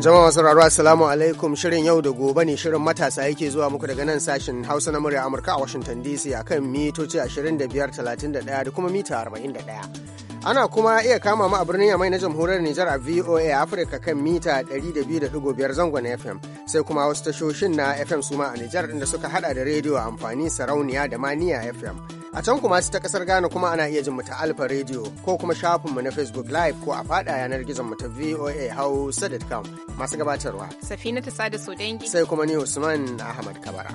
Jama'a sauraro Assalamu alaikum shirin yau da gobe ne shirin matasa yake zuwa muku daga nan sashin Hausa na murya Amurka a Washington DC akan mitoci 2531 da kuma mita 41. ana kuma iya kama mu a birnin yamai na jamhuriyar Nijar a VOA Africa kan mita 200.5 zangon FM sai kuma wasu tashoshin na FM suma a Nijar inda suka hada da rediyo amfani sarauniya da maniya FM. A can kuma ta kasar Ghana kuma ana iya jin mu ta Alfa Radio ko kuma shafin mu na Facebook Live ko a fada yanar gizon mu ta VOA Hausa.com masu gabatarwa. Safina ta sada dangi Sai kuma ni Usman Ahmad Kabara.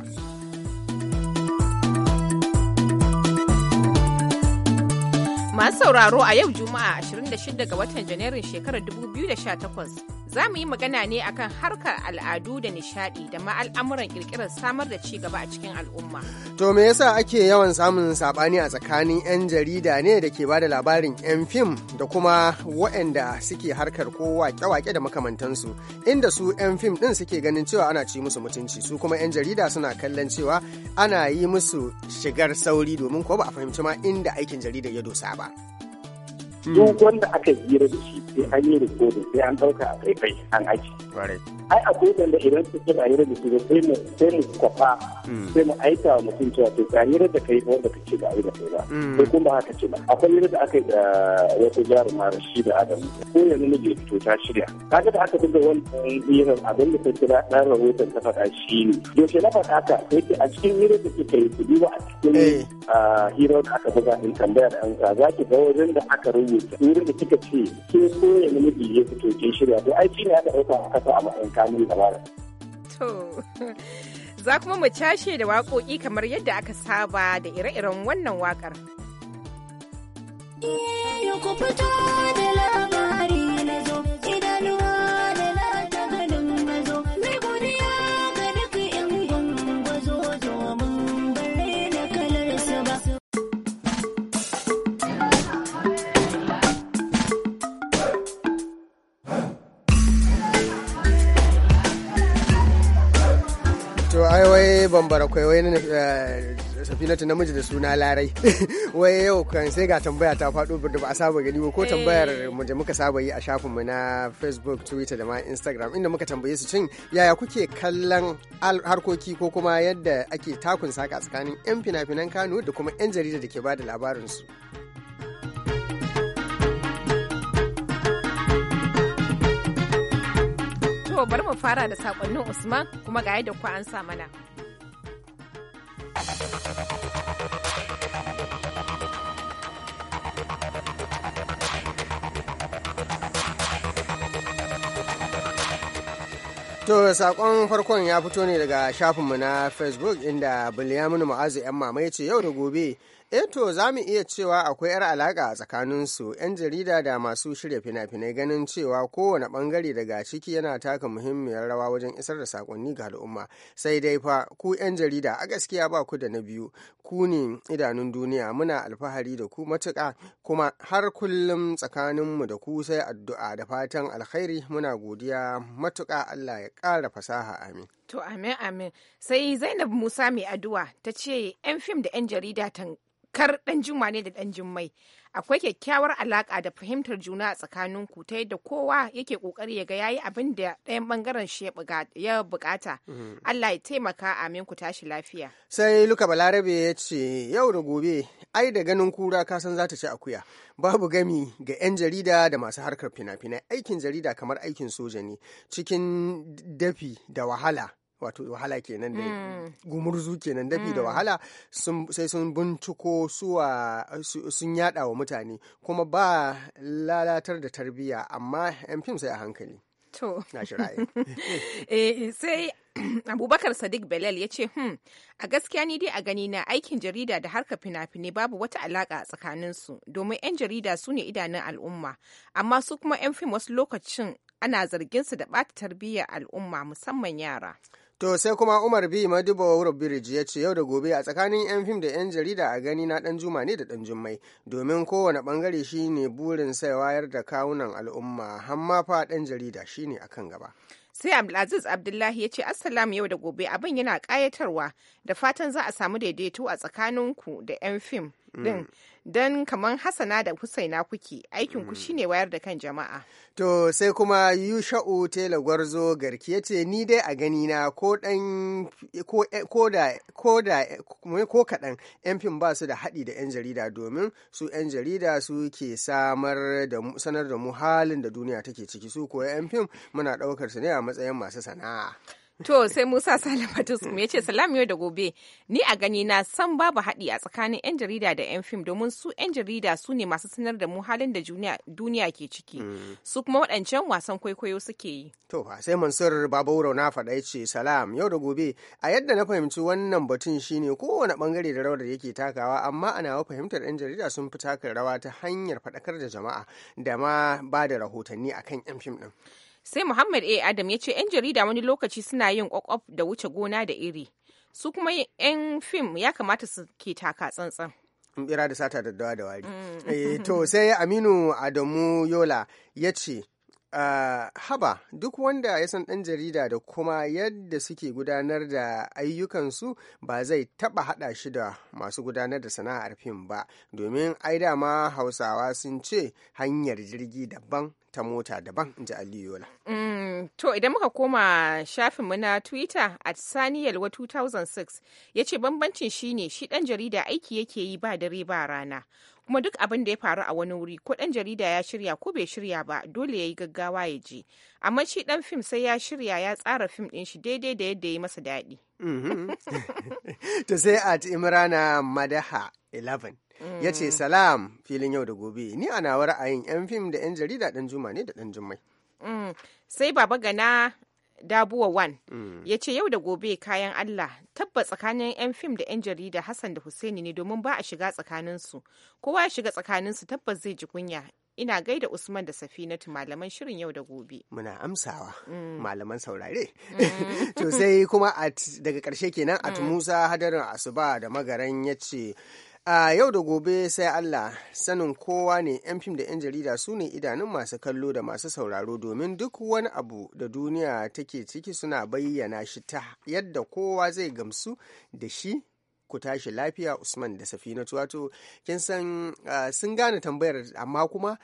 Masu sauraro a yau Juma'a 26 ga watan Janairun shekarar 2018 Za mu yi magana ne akan harkar al'adu da nishadi da ma al'amuran kirkirar samar da ci gaba a cikin al'umma. To me yasa ake yawan samun sabani a tsakanin 'yan jarida ne da ke ba da labarin 'yan fim da kuma waɗanda suke harkar ko wake da makamantansu inda su 'yan fim ɗin suke ganin cewa ana ci musu mutunci su kuma 'yan jarida suna kallon cewa ana yi musu shigar sauri domin ko ba a fahimci ma inda aikin jarida ya dosa ba. duk wanda aka hira da shi sai an yi rikodin sai an ɗauka a kai-kai an aji ai akwai wanda idan su ce ba hira da shi sai mu sai mu kwafa hmm. sai mu aika wa mutum cewa to ka hira da kai wanda ka ce ba da kai ba sai hmm. kuma haka ce ba akwai hira da aka yi da wata shi da Adamu ko yanzu miji fito ta shirya k'a ga da aka buga wannan hirar abin da ta kira ɗan rahoton ta faɗa shi ne yaushe na faɗa ka sai a cikin hirar da kika yi ku duba a cikin eh. ah, hirar da aka buga in tambaya da an ka za ki ga wajen da aka rubuta mijinta wurin da ce ke so ya namiji ya fito kin shirya to ai shine aka ɗauka a kasa a matsayin kanun dabara. To za kuma mu cashe da waƙoƙi kamar yadda aka saba da ire-iren wannan waƙar. Iyayen eh, ku fito da labari wai bambara kwai eh, namiji da suna larai wai yau kan sai ga tambaya ta faɗo da ba a saba gani ko eh. tambayar mu da muka saba yi a shafin mu na facebook twitter da ma instagram inda muka tambaye su cin yaya kuke kallon harkoki ko kuma yadda ake takun saka tsakanin yan fina-finan kano da kuma yan jarida da ke bada labarin su To bari mu fara da sakonnin Usman kuma ga yadda ku an sa mana. To sakon farkon ya fito ne daga shafinmu na Facebook inda Bilyamin Mu'azu 'yan mamaye ce yau da gobe Eto, eh za mu iya cewa akwai 'yar alaƙa a tsakaninsu 'yan jarida da masu shirya fina-finai ganin cewa kowane ɓangare daga ciki yana taka muhimmiyar rawa wajen isar da saƙonni ga al'umma. Sai dai fa ku 'yan jarida a gaskiya ba ku da na biyu ku ne idanun duniya muna alfahari da ku matuƙa kuma har kullum tsakaninmu da ku sai addu'a da fatan alkhairi muna godiya matuƙa Allah ya ƙara fasaha amin. To amin amin sai Zainab Musa mai addu'a ta ce 'yan fim da 'yan jarida tankar ɗan juma ne da ɗan jummai akwai kyakkyawar alaka da fahimtar juna a ku ta yadda kowa yake kokari ya ga yayi abin da ɗayan bangaren shi ya bukata mhm. Allah ya taimaka amin ku tashi lafiya sai luka balarabe ya ce yau da gobe ai da ganin kura ka san za ta ci akuya babu gami ga 'yan jarida da masu harkar fina-finai aikin jarida kamar aikin soja ne cikin dafi da wahala wato wahala kenan da mm. gumurzu kenan dafi da mm. wahala sai sun binciko suwa sun yada wa mutane kuma ba lalatar da tarbiyya amma yan fim sai a hankali na shi eh, sai abubakar sadiq belal ya ce hmm, a gaskiya ni dai a gani na aikin jarida da harka fina-finai babu wata alaka a tsakaninsu domin 'yan jarida su ne idanun al'umma amma su kuma 'yan fim wasu lokacin ana zargin su da bata tarbiyyar al'umma musamman yara To sai kuma Umar B. Madibo Wurubiriji ya ce yau da gobe a tsakanin 'yan fim da 'yan jarida a gani na ɗan juma ne da ɗan jummai domin kowane bangare shi ne burin sai wayar da kawunan al'umma hamma fa ɗan jarida shi ne a kan gaba. Sai Abdulaziz Abdullahi ya ce Assalamu yau da gobe abin yana ƙayatarwa da fatan za a samu daidaito a tsakaninku da 'yan fim mm. ɗin don kamar hasana da husaina kuke aikin ku hmm. shine wayar da kan jama'a to sai kuma yusha'u tela gwarzo garki ya ce ni dai a gani na ko eh, eh, ko kaɗan yan fim ba su da haɗi da yan jarida domin su yan jarida su ke samar da sanar da mu halin da duniya take ciki su ko yan fim muna ɗaukar su ne a matsayin masu sana'a To sai Musa Salim Batusum ya ce salam yau da gobe ni a gani na san babu haɗi a tsakanin 'yan jarida da 'yan fim domin su 'yan jarida su ne masu sanar da mu halin da duniya ke ciki mm. su kuma waɗancan wasan kwaikwayo suke yi. To sai Mansur Babauro na faɗa ya ce salam yau da gobe a yadda na fahimci wannan batun shine kowane bangare da rawar da yake takawa amma ana fahimtar 'yan jarida sun fi taka rawa ta hanyar faɗakar da jama'a da ma ba da rahotanni akan 'yan fim ɗin. sai muhammad a adam ya ce 'yan jarida wani lokaci suna yin kwakwaf da wuce gona da iri su kuma 'yan fim ya kamata su ke taka tsantsan bira da sata da wari mm. eh, to sai aminu adamu yola ya ce Uh, haba duk wanda ya san ɗan jarida da kuma yadda suke gudanar da ayyukansu ba zai taɓa haɗa shi da masu gudanar da sana'ar fim ba domin ai dama hausawa sun ce hanyar jirgi daban ta mota daban in ji aliyola mm, to idan muka koma shafinmu na twitter at sani 2006 ya ce bambancin shine shi ɗan jarida aiki yake yi ba dare ba rana kuma duk abin da ya faru a wani wuri ko dan jarida ya shirya ko bai shirya ba dole ya yi gaggawa ya je amma shi dan fim sai ya shirya ya tsara fim din shi daidai da yadda ya masa daɗi. Mm-hmm. to sai at imrana madaha 11 ya ce mm. salam filin yau da gobe ni a nawa ra'ayin yan fim da yan jarida dan juma ne da dan jummai. Mm. sai baba gana Dabuwa Wan mm. ya ce yau da gobe kayan Allah tabbas tsakanin 'yan fim da 'yan jarida Hassan da Hussaini ne domin ba a shiga tsakaninsu. Kowa ya shiga tsakaninsu tabbas zai ji kunya. Ina gaida Usman da Safinatu malaman shirin yau da gobe. Muna amsawa mm. malaman saurare. Mm. to sai kuma daga ƙarshe kenan at mm. Musa hadarin Asuba da magaran ya ce a yau da gobe sai allah sanin kowa ne 'yan fim da 'yan jarida su ne idanun masu kallo da masu sauraro domin duk wani abu da duniya take ciki suna bayyana shi ta yadda kowa zai gamsu da shi ku tashi lafiya usman da safina wato kin san sun gane tambayar amma kuma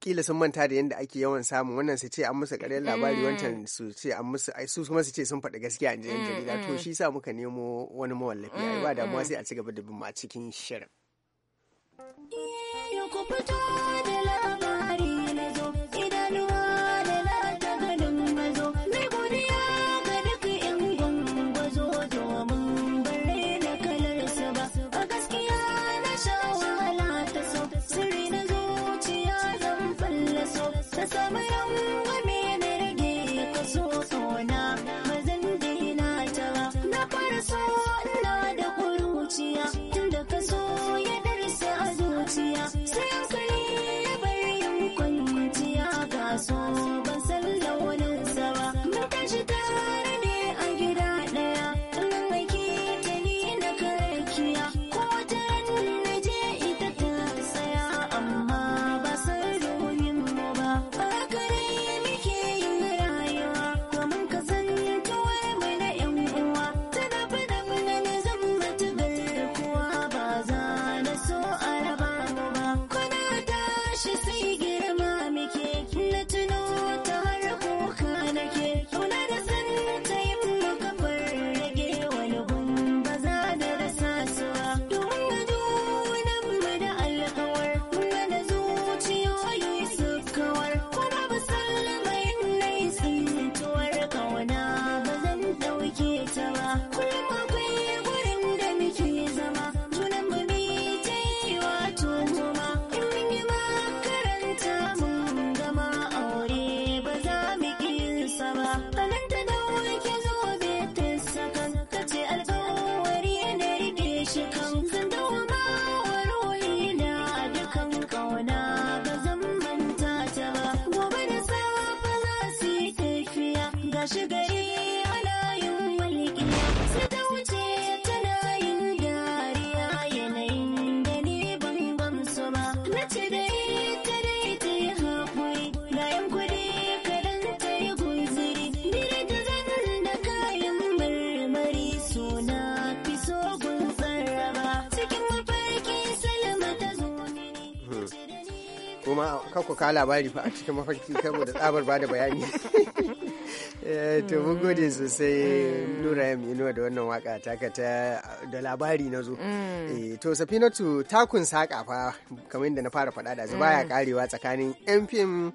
kila sun manta da yadda ake yawan samun wannan su ce an musu karyar labari mm. wancan su ce an musu su kuma su ce sun faɗi gaskiya a yan mm, jarida to mm. shi sa muka nemo wani mawallafi ai ba damuwa sai a ci gaba da bin ma cikin shirin. kuma kakku ka labari fa a cikin mafarki da tsabar ba da bayani eh, to mun gode sosai mm. nura ya minuwa da wannan waka taka ta da labari na zo mm. eh, to safinatu takun saka fa kamar yadda na fara faɗa da ya karewa mm. tsakanin yan fim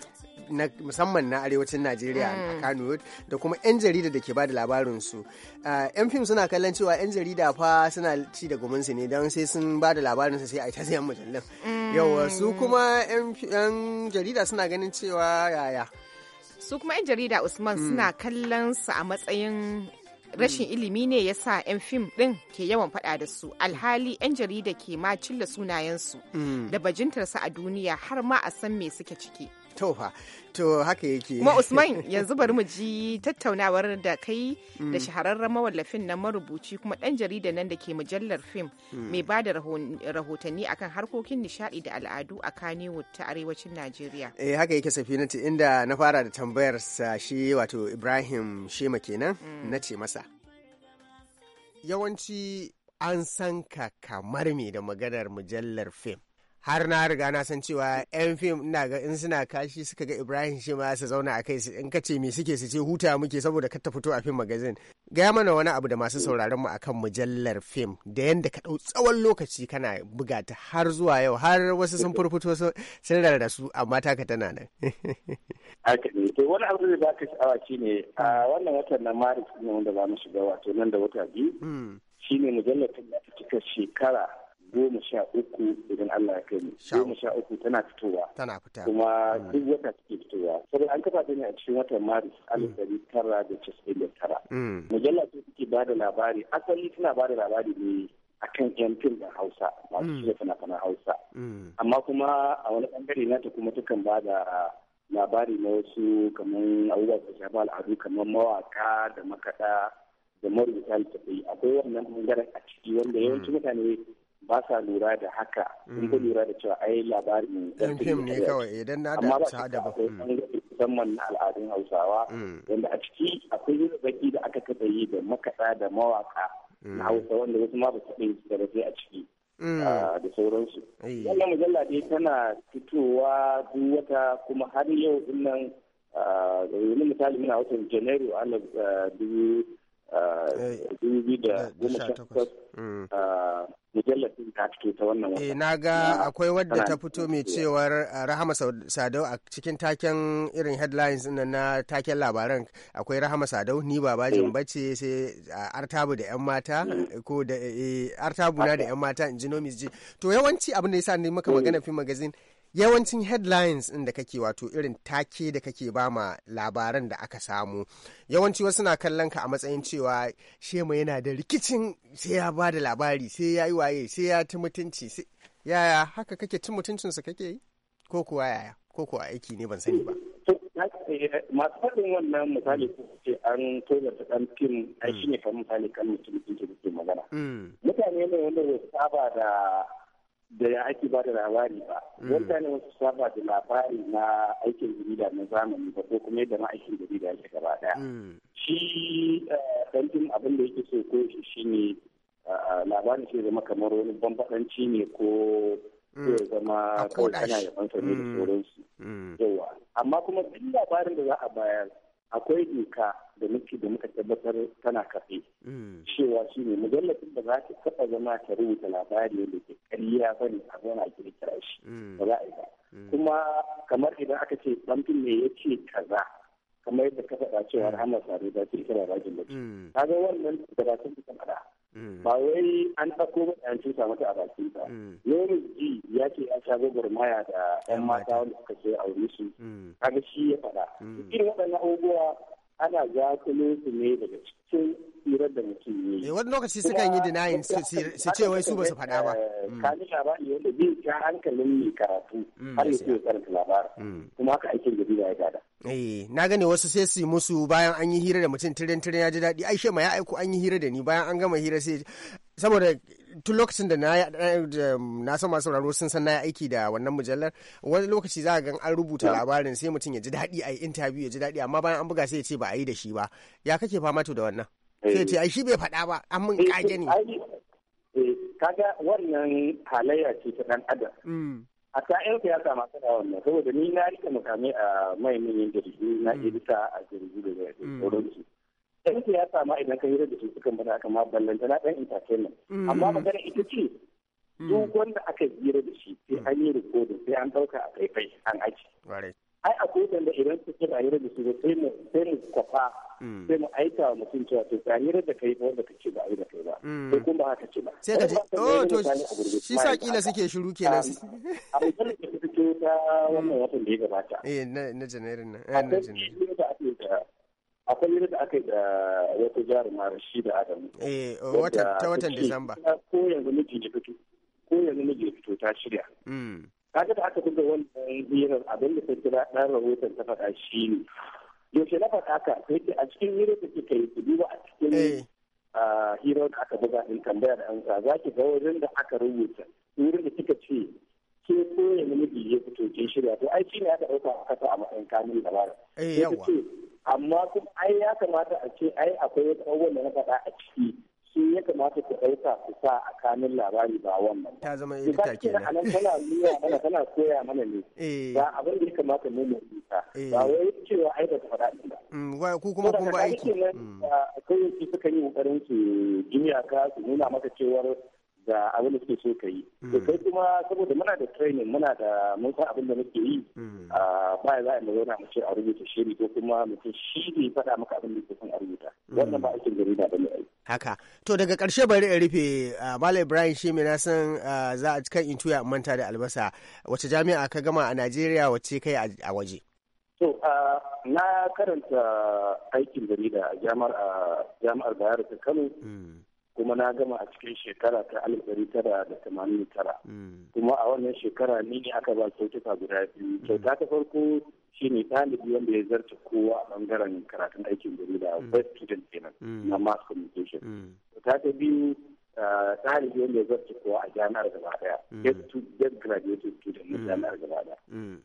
musamman na arewacin najeriya mm. a kano da kuma 'yan jarida da ke bada labarin su yan ah, fim suna kallon cewa 'yan jarida fa suna ci da gumansu ne don sai sun bada labarin su sai a ta sayan mujallin mm. yawa su kuma 'yan jarida suna ganin cewa yaya su kuma 'yan jarida usman mm. suna kallon su a matsayin rashin ilimi ne ya sa 'yan fim ɗin ke yawan faɗa da su alhali 'yan jarida ke ma cilla sunayensu da bajintarsa a duniya har ma a san me suke ciki tofa to haka yake kuma usman yanzu bari mu ji tattaunawar da kai da mm. shahararren mawallafin na marubuci kuma dan jarida nan da ke mujallar fim mm. mai ba da rahotanni akan harkokin nishadi da al'adu a kanewood ta arewacin najeriya eh haka yake safinatu inda na fara da tambayar sa shi wato ibrahim shema kenan mm. na ce masa yawanci an san ka kamar me da maganar mujallar fim har na riga na san cewa yan fim ina ga in suna kashi suka ga ibrahim shi ma su zauna a kai su in kace me suke su ce huta muke saboda ka ta fito a fim magazin gaya mana wani abu da masu sauraron mu akan mujallar fim da yanda ka dau tsawon lokaci kana buga ta har zuwa yau har wasu sun furfuto sun rarra su amma taka tana nan to wani abu da baka sha'awa shine a wannan watan na maris ne wanda za mu shiga wato nan da wata biyu hmm. shine mujallar ta cika shekara goma sha uku idan Allah ya kai Goma sha uku tana fitowa. Tana fita. Kuma mm. duk wata take fitowa. Saboda an kafa ta ne a cikin watan Maris mm. alif dari tara da casa'in da tara. Mm. Mujalla ce take ba da labari asali tana ba da labari ne a kan yan fim da Hausa masu shiga fina-finan Hausa. Amma kuma a wani bangare nata kuma takan ba da labari na wasu kamar abubuwa da shafi al'adu kamar mawaka da makaɗa da marubuta littattafai akwai wannan bangaren a ciki wanda yawancin mutane ba sa lura da haka in ka hmm. lura da cewa ai labarin yan fim ne kawai idan na da hausa da ba hmm. musamman na al'adun hausawa hmm. wanda a ciki akwai yin zaki da aka taɓa yi da makaɗa da mawaka na hausa wanda wasu ma ba su yi da a ciki ah, da sauransu wannan mujalla dai tana fitowa duk wata kuma har yau nan. Wani ah, misali muna watan janairu alif ah, dubu eh, mm. eh na ga akwai wadda ta fito mai cewar eh, Rahama Sadau a cikin taken irin headlines na na taken labaran akwai Rahama Sadau ni babajin eh. bace sai artabu da yan mata mm. ko da artabu na da yan mata in ji nomis ji to yawanci abin da yasa ni maka magana mm. fi magazine yawancin headlines ɗin da kake wato irin take da kake bama labaran da aka samu yawanci wasu na kallon ka a matsayin cewa shema yana da rikicin sai ya ba da labari sai ya yi waye sai ya ci mutunci yaya haka kake ci mutuncinsa kake yi ko kuwa yaya ko kuwa aiki ne ban sani ba eh, masu faɗin wannan misali ko ce an tola da ɗan fim ai shi ne kan misali kan mutum da ke magana mm. mutane ne wanda ya saba da da ya ake ba da labari ba wanda mm. ne wasu saba da labari na aikin jarida na zamani ba ko kuma yadda ma'aikin jarida ya gaba daya mm. shi ɗantin eh, abin da yake so ko shi shine labarin shi zama kamar wani bambaɗanci ne ko mm. ko ya zama kawai kana yaban sa ne da sauransu yawa amma kuma duk labarin da za a bayar akwai doka da muke da muka tabbatar tana kafe hmm. cewa shi ne mujallafin da za ta taɓa zama ta rubuta labari da ke ƙarya ba ne a zama kirkira shi hmm. ba za a yi ba hmm. kuma kamar idan aka ce ɗanfin ne ya ce kaza kamar yadda ka faɗa cewa rahama sare da ke kira rajin mutum kaga wannan da ba ta faɗa Mm. ba wai an ɗauko ba an cuta mata a bakin ta yoris mm. ji ya ce ya sha maya da yan mata wanda suka ce aure su mm. kaga shi ya faɗa irin waɗannan abubuwa ana zakulo su ne daga cikin tsirar da mutum ne. Eh, wani lokaci sukan yi denying su ce wai su ba su faɗa ba. Eh, hmm. Kani labari wanda zai ja hankalin mai karatu hmm, har ya ce karanta labarin. Hmm. Kuma haka aikin gari ya gada. Eh, na gani wasu sai su musu bayan an yi hira da mutum tirin tirin ya ji daɗi ai ma ya aiko an yi hira da ni bayan an gama hira sai saboda tun lokacin da na san masu sauraro sun san na aiki da wannan mujallar wani lokaci za ga an rubuta labarin sai mutum ya ji daɗi a yi interview ya ji daɗi amma bayan an buga sai ya ce ba a yi da shi ba ya kake fama to da wannan sai ce ai shi bai faɗa ba an mun kage eh, ne eh, kaga wannan halayya ce ta dan adam mm. a ta yan siyasa masu da wannan saboda ni na rike mukami a mai manyan na mm. edita a jirgi da ce ɗan ya samu idan ka yi da su sukan bada kama ballanta na ɗan entertainment mm. amma magana ita ce mm. duk wanda aka hira da shi sai an yi rikodin sai an ɗauka a faifai an aji ai akwai wanda idan su suka hira da su sai mu sai mu kwafa mm. sai mu aika wa mutum cewa to ka yi da kai wanda kace ba yi da kai ba sai kuma haka ce ba sai ka ce oh to shi sa kila suke shiru kenan a wajen da fito ta wannan watan da ya gabata eh na janairun nan eh, na ta. akwai yadda aka yi da wata jaruma da Adamu. Eh, eh, ta watan Disamba. Ko yanzu miji ya fito, ko yanzu miji ya fito ta shirya. Hmm. Kaga da aka buga wannan yanar abin da kai kira rahoton ta faɗa shi ne. Yaushe na faɗa ka, sai a cikin hirar da kika yi, su duba a cikin eh. hirar da aka buga in tambaya da sa? za ki ga wajen da aka rubuta, wurin da kika ce, ke ko yanzu miji ya fito ke shirya, to ai shi ne aka ɗauka a kasa a matsayin kamun labarin. amma kuma ai ya kamata a ce ai akwai wata abubuwan da na faɗa a ciki shi ya kamata ku ɗauka ku sa a kanin labari ba wannan ta zama edita kenan anan tana nuna mana tana koya mana ne eh. ba abin da ya kamata mu mu ta eh. ba wai cewa ai ba ta faɗa ɗin ba mm, ku kuma kun ba aiki kai mm. suka yi ƙoƙarin su jimiya ka su nuna maka cewar da abin da suke so ka yi to hmm. kai kuma saboda muna da training muna da mun san abin da muke yi hmm. a baya za a zauna mu ce a rubuta shiri ko kuma mutum shi ne faɗa maka abin da ke son a rubuta hmm. wannan ba aikin jarida ba ne haka to daga karshe bari in rufe malam ibrahim shi na san za a kan intuya manta da albasa wace jami'a ka gama a najeriya wace kai a waje to na karanta aikin jarida a jami'ar bayar ta kano kuma na gama a cikin shekara ta alif ɗari tara da tamanin tara mm. kuma a wannan shekara ni ne aka ba kyautuka guda biyu mm. kyauta ta farko ta ɗalibi wanda ya zarta kowa a ɓangaren karatun aikin gari da mm. best student kenan na mass communication kyauta ta biyu ah, ɗalibi wanda ya zarta kowa a jami'ar gaba ɗaya get graduated student na jami'ar gaba ɗaya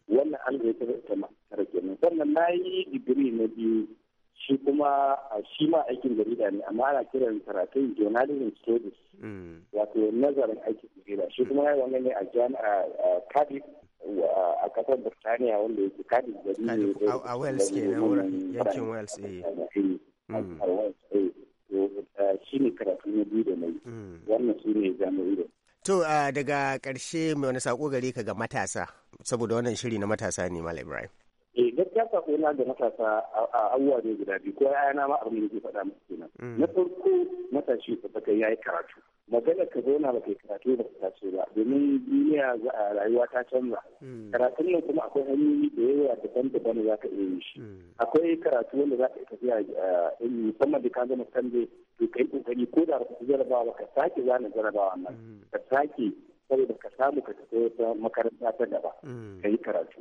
wannan alif ɗari tara kenan sannan na yi digiri na biyu shi kuma a shi ma aikin jarida ne amma ana kiran karatun journalism studies mm. wato nazarin aikin jarida shi kuma ya wannan ne a jami'a a kasar Birtaniya wanda yake Cardiff jarida ne a Wales ke nan wurin yankin Wales eh, mm. eh. shi ne karatun na biyu da na yi mm. wannan su ne jami'ai To daga ƙarshe mai wani saƙo gare ka ga matasa saboda wannan shiri na matasa ne Malam Ibrahim. gaskiya sako na da matasa a abubuwa ne guda biyu ko ya na ma abin da ke faɗa musu kenan mm. na farko matashi da baka yi karatu magana ka zauna ba kai karatu ba ka tashi ba domin duniya za a rayuwa ta canza mm. karatun nan kuma akwai hanyoyi da yawa daban-daban za ka iya yi shi mm. akwai karatu wanda za ka iya tafiya musamman da ka zama kande to kai kokari ko da ba ka jarabawa ka sake zana jarabawa nan ka sake saboda ka samu ka tafi wata makaranta ta gaba mm. ka yi karatu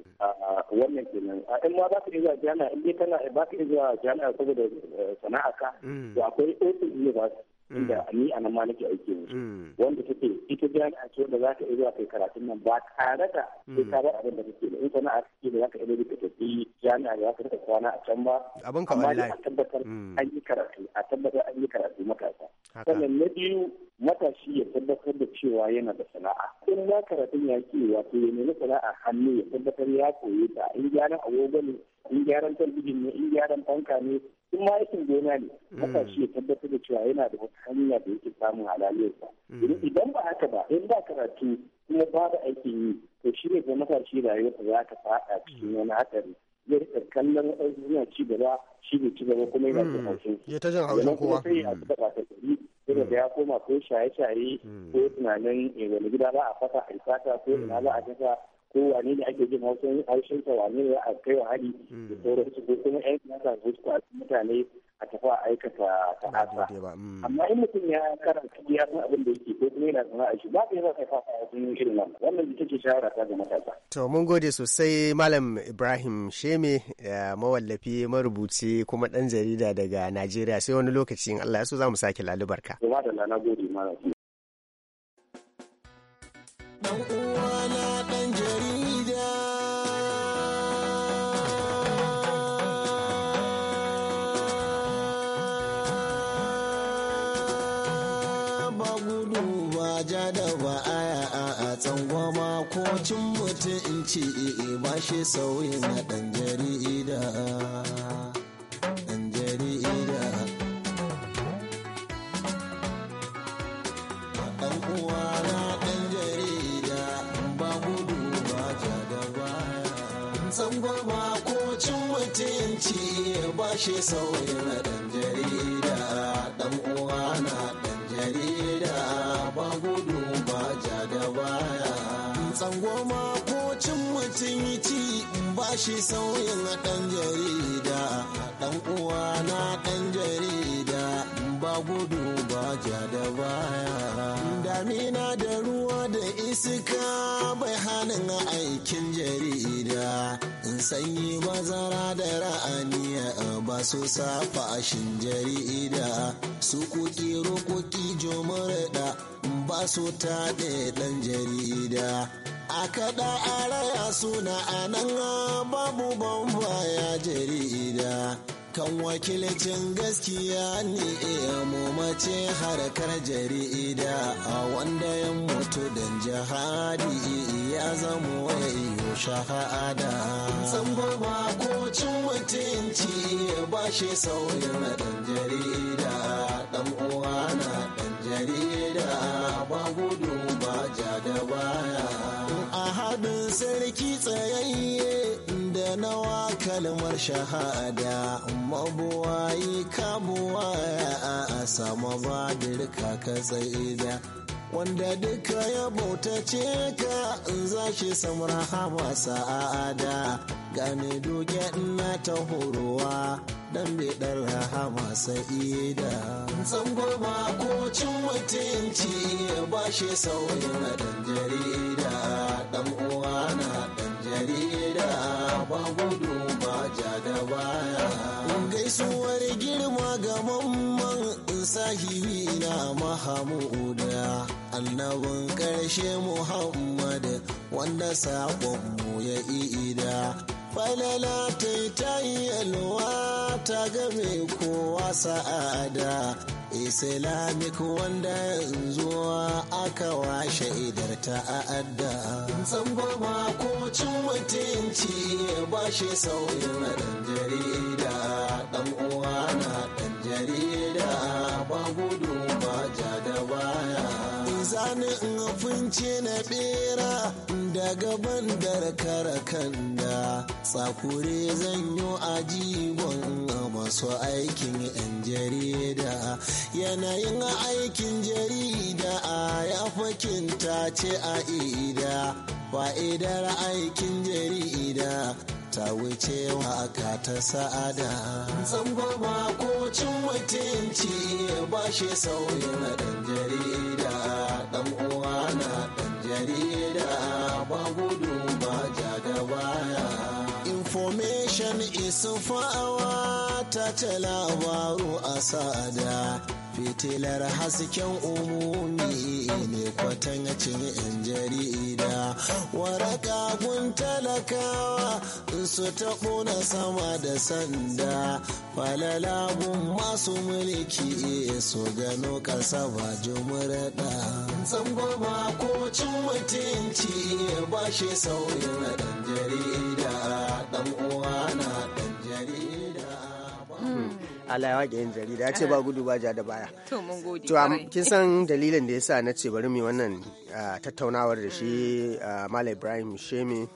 wannan kenan a in ma ba ka iya zuwa jami'a in dai kana ba ka iya zuwa jami'a saboda eh, sana'a ka mm. to akwai open university inda mm. ni a nan ma nake aiki ne mm. wanda take ita a ce da za ka iya kai karatun nan ba tare da sai mm. ka ba abin da kake da in a cikin da za ka iya ka tafi jami'a da za ka rika kwana a can ba abin ka wallahi a tabbatar an yi karatu a tabbatar an yi karatu matasa sannan na biyu matashi ya tabbatar da cewa yana da sana'a in ma karatun ya ke wato ya nemi sana'a hannu ya tabbatar ya koyi ta in gyaran agogo ne in gyaran talbijin ne in gyaran fanka ne in ma aikin gona ne matashi ya tabbatar da cewa yana da wata hanya da yake samun sa hmm. idan ba haka ba in ba karatu kuma da aikin yi to shi ne shi matashi rayuwarsa za ta faɗa cikin wani hatsari ya rika kallon yana ci gaba shi ne ci gaba kuma yana da hmm. hausin ya ta jan hausin kowa sai ya ta ba ta gari sai da ya koma ko shaye-shaye hmm. ko tunanin eh, wani gida ba a fasa a fata ko ina za a fata ko wane ne ake jin wasu aishin sa wane ne a kai wa hari mm. da sauransu ko kuma yan sa su su mutane a tafi a aikata asa mm. amma in mutum ya karanta ya san abin da yake ko kuma yana a shi ba ka yi za ka a wajen irin nan wannan ita ce shawara ta ga matasa. to mun gode sosai malam ibrahim sheme mawallafi marubuci kuma ɗan jarida daga najeriya sai wani lokaci in allah ya so za mu sake lalubarka. gaba da na gode malam. Dan uwana dan jarida. Ba gudu ba ja da ba aya a tsangwama ko cin mutu in eh, ce eh, ba shi sauyi na dan jarida. bashi sauyin ɗan jarida dan uwana dan jarida ba gudu ba ja da baya tsango ma ko cin mutum ci bashi sauyin ɗan jarida dan uwana ɗan jarida ba gudu ba ja da baya damina da ruwa da iska bai halin aikin jarida in sanyi bazara da ra'aniya ba su safa ashin jarida su kuki rokoki da ba su taɗe ɗan jarida a kaɗa araya raya suna anan babu bambaya jarida kan wakilcin gaskiya ne iya eh, mace harkar jarida a wanda ya mutu don jihadi ya zama wayo shahada zamba ba ko cin mutunci ya ba shi sauyin na dan jarida dan uwa na dan jarida ba gudu ba ja da baya a haɗin sarki tsayayye nawa kalmar shahada mabuwayi ya a sama dirka ka tsaida wanda duka ya bautace ka za shi samura hama sa'ada gane doge ina ta horowa dan bai dan rahama sa'ida zango ba ko cin mutunci ya ba shi na dan jarida dan uwa na jarida ba gudu ba ja da baya gaisuwar girma ga mamman sahibi na mahamuda annabin ƙarshe muhammad wanda saƙonmu ya ida falala ta yi ta yalwa ta game kowa sa'ada islamic wanda zuwa aka washe idar ta'adda tsangwama ko cin mutunci ya bashi sauyin ɗan jarida ɗan uwa na ɗan jarida ba gudu ba ja da baya Zanin na bera gaban darkar kanda tsakure zan yi ajibon a masu aikin 'yan jarida yanayin aikin jarida ya fakinta ce a ida fa'idar aikin jarida ta wuce waka ta sa'ada ba ko cin mutunci ba shi sauyin dan jarida dan uwa na dan jarida sufawa ta ce labaru a sada fitilar hasken umumi ne kwatancin yan jarida waraka gun talakawa su taɓo na sama da sanda falalagun masu mulki su gano ƙasa ba jumurɗa zamba ba ko cin mutunci ba shi sauyin ɗan jarida Allah ya wake yin jarida ya ce ba gudu ba ja da baya. To mun gode. To kin san dalilin da yasa na ce bari mu wannan tattaunawar da shi Malam Ibrahim Shemi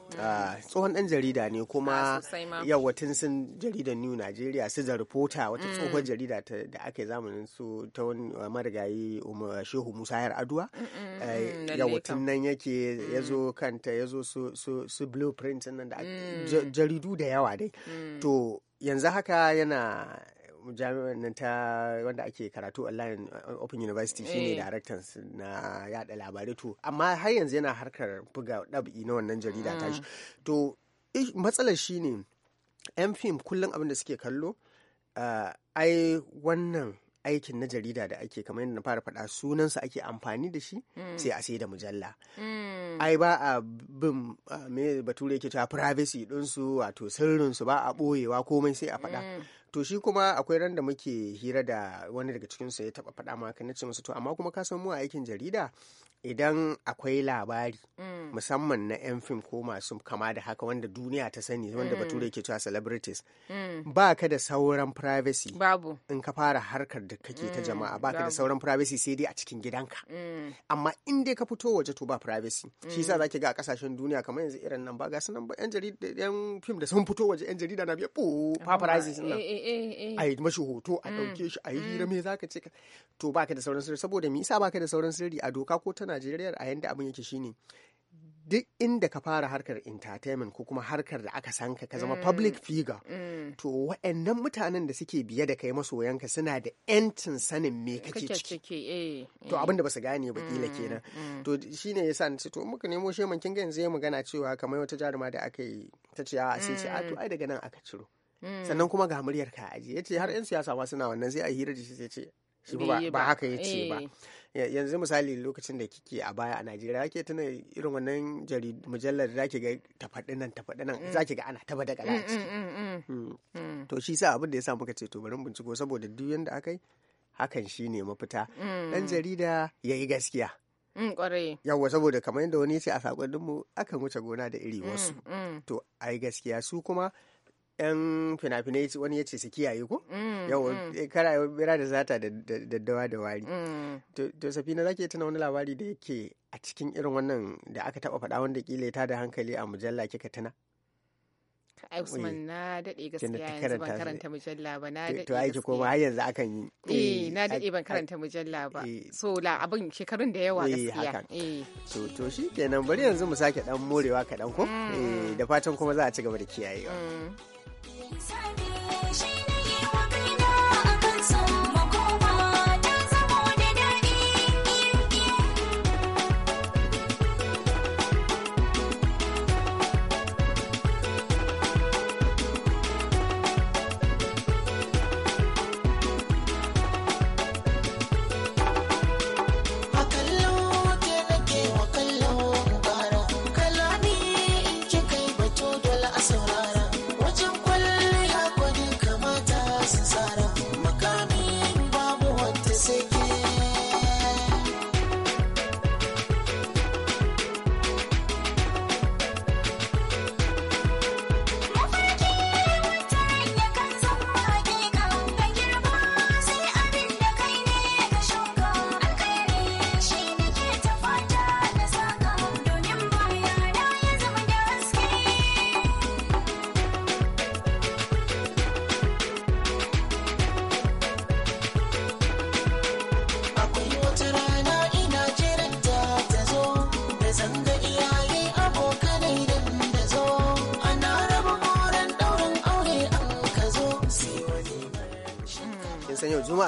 tsohon dan jarida ne kuma ah, yawatin sun jaridar New Nigeria su da reporter wata mm. tsohon jarida da aka zamanin su ta wani marigayi um, Shehu Musa Yar Aduwa. Mm, mm, eh, yawatin nan yake ya zo kanta ya zo su blueprint nan da jaridu da yawa dai. To yanzu haka yana jami'ar nan ta wanda ake karatu online open university shine eh. director na yada labarai to amma har yanzu yana harkar buga ɗabi'i na wannan jarida tashi mm. to matsalar shi ne yan fim kullum abin da suke kallo ai wannan aikin na jarida da ake kamar yadda na fara faɗa sunansa ake amfani da shi mm. sai a sai da mujalla mm. ai ba a bin me bature yake cewa privacy ɗinsu wato sirrin su ba a ɓoyewa komai sai a faɗa to shi kuma akwai ran da muke hira da wani daga cikin su ya taba faɗa maka na ce masa to amma kuma ka san mu a aikin jarida idan akwai labari mm. musamman na yan fim ko masu kama da haka wanda duniya ta sani wanda mm. bature ke cewa celebrities mm. ba ka da sauran privacy babu in ka fara harkar da kake ta jama'a ba ka da sauran privacy sai dai a cikin gidanka amma in dai ka fito waje to ba privacy shi yasa zaki ga a kasashen duniya kamar yanzu irin nan ba ga sunan ba yan jarida yan fim da sun fito waje yan jarida na biya bu paparazzi sun nan eh, eh, Eh, eh. a yi mashi hoto a mm, ɗauke shi a yi hira mm. me za ka ce to baka da sauran sirri saboda me yasa baka da sauran sirri a doka ko ta Najeriya a yanda abin yake shine duk inda ka fara harkar entertainment ko kuma harkar da aka sanka ka zama mm, public figure to wa'annan mutanen da suke biye da kai masoyanka suna da 'yancin sanin me kake ciki eh, to abin da su gane ba kila kenan to shine yasa na ce to muka nemo sheman kin ga yanzu ya magana cewa kamar wata jaruma da aka yi ta ce a sai ce a to ai daga nan aka ciro Hmm. sannan kuma ga muryar ka aji ya ce har 'yan siyasa ma suna wannan sai a hira da shi sai ce shi ba haka ya ce ba eh. yanzu misali lokacin da kike a baya a najeriya ake tuna irin wannan mujallar da ke ga tafaɗi nan tafaɗi nan hmm. za ga ana taba da hmm, to shi sa abin da ya sa muka ce to bari binciko saboda duk yanda aka yi hakan shi ne mafita dan jarida ya yi gaskiya kwarai yawwa saboda kamar yadda wani ya ce a saƙon mu akan wuce gona da iri wasu to a gaskiya su kuma 'yan fina-finai wani ya ce su kiyaye ko? Mm, Yau mm. eh, kana bira da zata da dawa da wari. Mm. To, Safina zaki ki tuna wani labari da yake a cikin irin wannan da aka taɓa faɗa wanda kila ta da hankali a mujalla kika tuna? Usman na daɗe gaskiya yanzu ban karanta mujalla ba na daɗe to aiki koma har yanzu akan yi eh na daɗe ban karanta mujalla ba eh. so la abin shekarun da yawa gaskiya eh so to shikenan bari yanzu mu sake dan morewa kaɗan ko eh da fatan kuma za a ci gaba da kiyayewa Inside me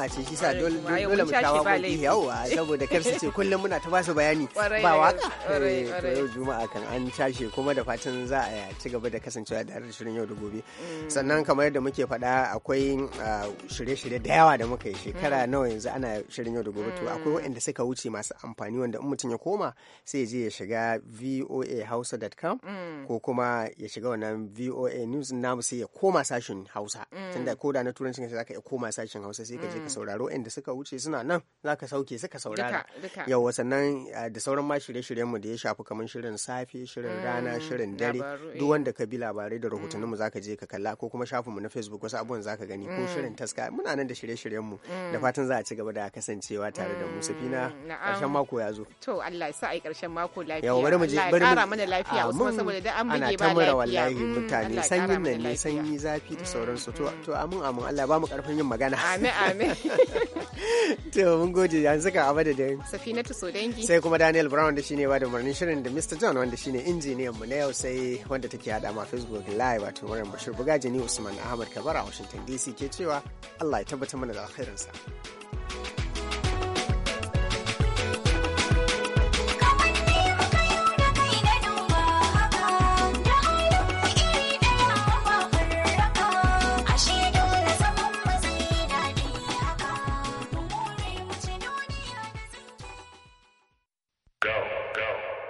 a ce shi sa dole mu yawa saboda kar su ce kullum muna ta basu bayani ba waka eh, to yau juma'a kan an cashe kuma da fatan za a ci gaba da kasancewa da shirin yau da gobe mm. sannan kamar yadda muke faɗa akwai ah, shirye-shirye da yawa da muka yi mm. shekara nawa yanzu ana shirin yau da gobe to akwai mm. waɗanda suka wuce masu amfani wanda in mutum ya koma sai je ya shiga voahausa.com ko kuma ya shiga wannan voa news namu sai ya koma sashin hausa tunda ko da na turanci ne sai zaka iya koma sashin hausa sai ka je ka sauraro inda suka wuce suna nan za ka sauke suka saurara yau sannan ah, da sauran ma shirye-shiryen mu da ya shafi kamar shirin safe shirin rana mm, shirin dare duk eh. wanda ka bi labarai da rahotannin mu mm. zaka je ka kalla ko kuma shafin mu na facebook wasu abubuwan zaka gani ko mm. shirin taska muna nan da shirye-shiryen mu da fatan za a ci gaba da kasancewa tare da mu safina karshen mako ya zo to Allah ya sa ai karshen mako lafiya bari mu je bari mu mana lafiya wasu saboda da an bige ba lafiya wallahi mutane sanyin nan ne sanyi zafi da sauransu to amin amin Allah ba mu karfin yin magana amin amin to mun gode yanzu ka a madadin tuso dangi sai kuma daniel brown da shine ba da umarnin shirin da mr john wanda shine injiniyan mu na yau sai wanda take hada ma facebook live wato maryam bashir bugaji ni usman ahmad kabara washington dc ke cewa allah ya tabbatar mana da sa.